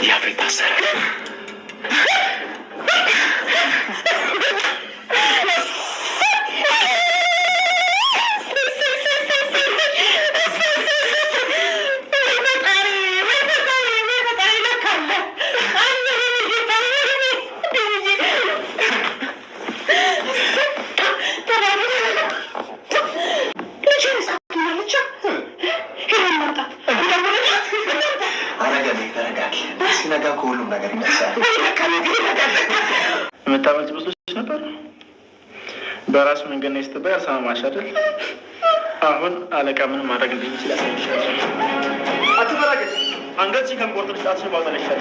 Diabeł taser. ጋ ከሁሉም ነገር ይነሳል። የምታመልጥ መስሎች ነበር። በራሱ መንገድ ነው የስትባይ አልሰማማሽ አይደል? አሁን አለቃ ምን ማድረግ እንዲ ያሳይሻል። አትበራገ አንገት ሲከምቆርጥ ልጣት ሽባጠለሻል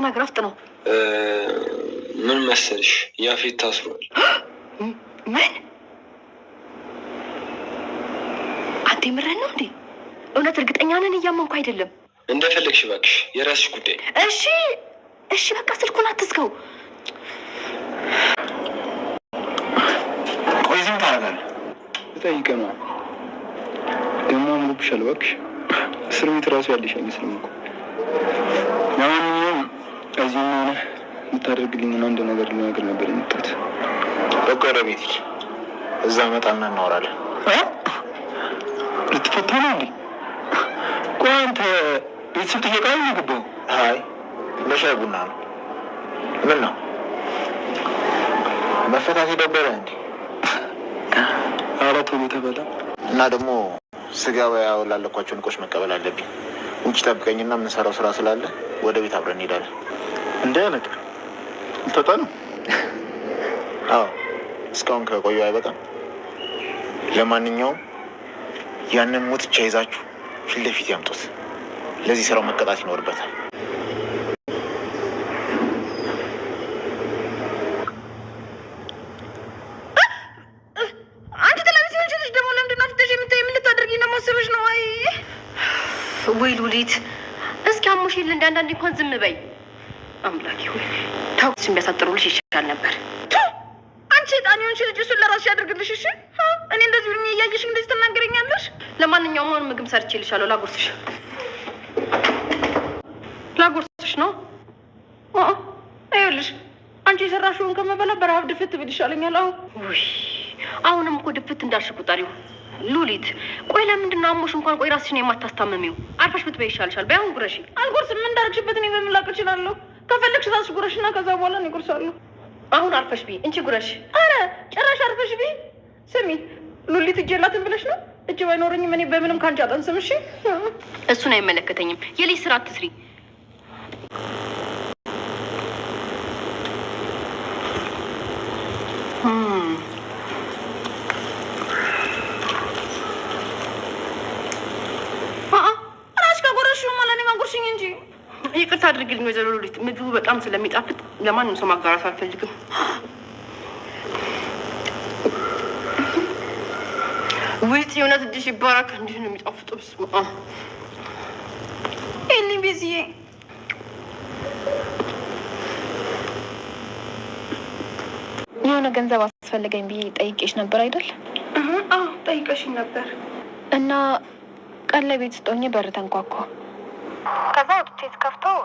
ተናገር፣ አፍጥነው። ምን መሰልሽ ያፌት ታስሯል። ምን አንተ የምረን ነው እንዴ? እውነት እርግጠኛ ነን? እያመንኩ አይደለም። እንደፈለግሽ እባክሽ፣ የራስሽ ጉዳይ። እሺ እሺ፣ በቃ ስልኩን አትዝጋው። ቆይ ዝም ታደርጋለህ? ነው ደግሞ አምሮብሻል። እባክሽ እስር ቤት ራሱ ያለሽ አይመስልም እኮ እንደዚህ ሆነ የምታደርግልኝ አንድ ነገር ልነግር ነበር የመጣሁት። በቀረ ቤት እዛ መጣና እናወራለን። ልትፈታ ነው እንዴ? ቆይ አንተ ቤተሰብ ጥየቃ ነው የገባው? አይ ለሻይ ቡና ነው። ምን ነው መፈታት የደበረ እንዴ? አራት ሆኖ ተበላ እና ደግሞ ስጋ ያው ላለኳቸው ንቆች መቀበል አለብኝ። ውጭ ጠብቀኝና የምንሰራው ስራ ስላለ ወደ ቤት አብረን እንሄዳለን። እንዳያነቅ ልትወጣ ነው? አዎ እስካሁን ከቆዩ አይበቃም። ለማንኛውም ያንን ሙትቻ ይዛችሁ ፊት ለፊት ያምጡት። ለዚህ ስራው መቀጣት ይኖርበታል። አንቺ ወይ ሉሊት፣ እስኪ አሞሽ የለ እንደ አንዳንዴ እንኳን ዝም በይ። አምላኪ ሆይ ታው ታውስ ቢያሳጥሩልሽ ይሻል ነበር። አንቺ ጣን ሆንሽ ልጅ እሱን ለራስሽ ያደርግልሽ። እሺ እኔ እንደዚህ ብሎኝ እያየሽ እንደዚህ ትናገረኛለሽ? ለማንኛውም አሁን ምግብ ሰርቼልሻለሁ። ላጎርስሽ ላጎርስሽ ነው። ይኸውልሽ አንቺ የሰራሽውን ከመበላ በረሀብ ድፍት ብል ይሻለኛል። አሁ አሁንም እኮ ድፍት እንዳልሽ ቁጠሪው ሉሊት ቆይ፣ ለምንድን ነው አሞሽ? እንኳን ቆይ ራስሽ ነው የማታስታመሚው። አርፈሽ ብትበይ ይሻልሻል። በይ አሁን ጉረሺ። አልጎርስም። ምን እንዳደረግሽበት እኔ በምን ላቅ እችላለሁ? ከፈለግሽ ራስሽ ጉረሽ እና ከዛ በኋላ እኔ አሁን አርፈሽ ቢ እንቺ ጉረሽ። አረ ጭራሽ አርፈሽ ቢ። ስሚ ሉሊት እጅ የላትም ብለሽ ነው? እጅ ባይኖረኝም እኔ በምንም ከአንቺ አጠንስም። እሺ፣ እሱን አይመለከተኝም። የልጅ ስራ አትስሪ። ይቅርታ አድርግልኝ ወይዘሮ ሉሊት፣ ምግቡ በጣም ስለሚጣፍጥ ለማንም ሰው ማጋራት አልፈልግም። ውይት የእውነት እጅሽ ይባረክ። እንዲህ ነው የሚጣፍጡ ስማ ይህን ቤዝዬ የሆነ ገንዘብ አስፈልገኝ ብዬ ጠይቄሽ ነበር አይደል? ጠይቀሽኝ ነበር እና ቀለቤት ለቤት ስጦኝ በር ተንኳኳ። ከዛ ወጥቼ ስከፍተው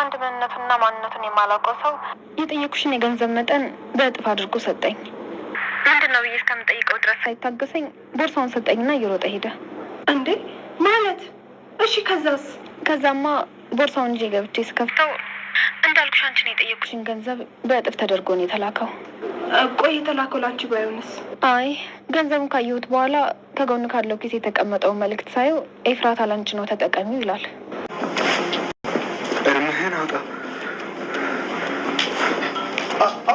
አንድ ምንነቱንና ማንነቱን የማላውቀው ሰው የጠየኩሽን የገንዘብ መጠን በእጥፍ አድርጎ ሰጠኝ። ምንድን ነው ብዬ እስከምጠይቀው ድረስ ሳይታገሰኝ ቦርሳውን ሰጠኝና እየሮጠ ሄደ። እንዴ ማለት እሺ፣ ከዛስ? ከዛማ ቦርሳውን እንጂ ገብቼ ስከፍተው እንዳልኩሽ አንቺን የጠየኩሽን ገንዘብ በእጥፍ ተደርጎ ነው የተላከው። ቆይ የተላከው ላንቺ ባይሆንስ? አይ ገንዘቡን ካየሁት በኋላ ከጎኑ ካለው ጊዜ የተቀመጠው መልእክት ሳየው ኤፍራት አላንቺ ነው ተጠቀሚው ይላል።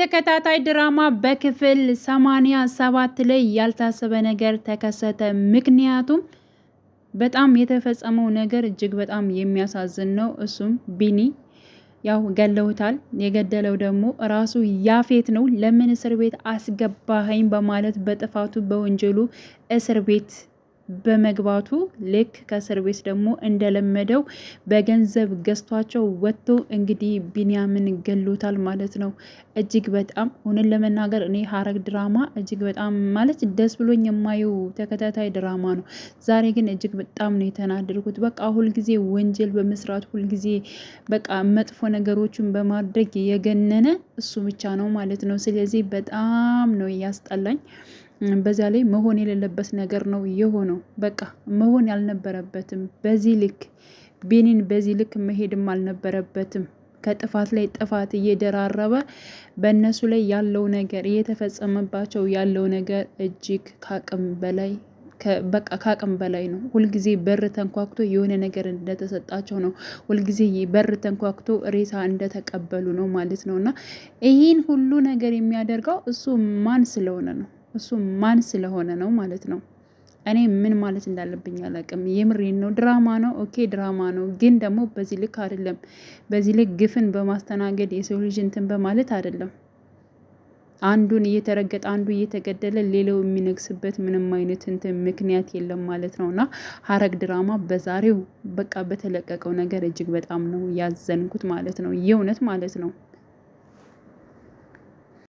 ተከታታይ ድራማ በክፍል 87 ላይ ያልታሰበ ነገር ተከሰተ። ምክንያቱም በጣም የተፈጸመው ነገር እጅግ በጣም የሚያሳዝን ነው። እሱም ቢኒ ያው ገለውታል። የገደለው ደግሞ ራሱ ያፌት ነው። ለምን እስር ቤት አስገባኸኝ በማለት በጥፋቱ በወንጀሉ እስር ቤት በመግባቱ ልክ ከእስር ቤት ደግሞ እንደለመደው በገንዘብ ገዝቷቸው ወጥቶ እንግዲህ ቢንያምን ገሎታል ማለት ነው። እጅግ በጣም ሆነን ለመናገር እኔ ሀረግ ድራማ እጅግ በጣም ማለት ደስ ብሎኝ የማየው ተከታታይ ድራማ ነው። ዛሬ ግን እጅግ በጣም ነው የተናደድኩት። በቃ ሁልጊዜ ወንጀል በመስራት ሁልጊዜ በቃ መጥፎ ነገሮችን በማድረግ የገነነ እሱ ብቻ ነው ማለት ነው። ስለዚህ በጣም ነው እያስጠላኝ በዛ ላይ መሆን የሌለበት ነገር ነው የሆነው። በቃ መሆን ያልነበረበትም በዚህ ልክ ቤኒን በዚህ ልክ መሄድም አልነበረበትም። ከጥፋት ላይ ጥፋት እየደራረበ በእነሱ ላይ ያለው ነገር እየተፈጸመባቸው ያለው ነገር እጅግ ከአቅም በላይ በቃ ከአቅም በላይ ነው። ሁልጊዜ በር ተንኳክቶ የሆነ ነገር እንደተሰጣቸው ነው። ሁልጊዜ በር ተንኳክቶ ሬሳ እንደተቀበሉ ነው ማለት ነው። እና ይህን ሁሉ ነገር የሚያደርገው እሱ ማን ስለሆነ ነው? እሱ ማን ስለሆነ ነው ማለት ነው። እኔ ምን ማለት እንዳለብኝ አላቅም። የምሬን ነው። ድራማ ነው። ኦኬ ድራማ ነው፣ ግን ደግሞ በዚህ ልክ አይደለም። በዚህ ልክ ግፍን በማስተናገድ የሰው ልጅ እንትን በማለት አይደለም። አንዱን እየተረገጠ አንዱ እየተገደለ ሌላው የሚነግስበት ምንም አይነት እንትን ምክንያት የለም ማለት ነው። እና ሀረግ ድራማ በዛሬው በቃ በተለቀቀው ነገር እጅግ በጣም ነው ያዘንኩት ማለት ነው። የእውነት ማለት ነው።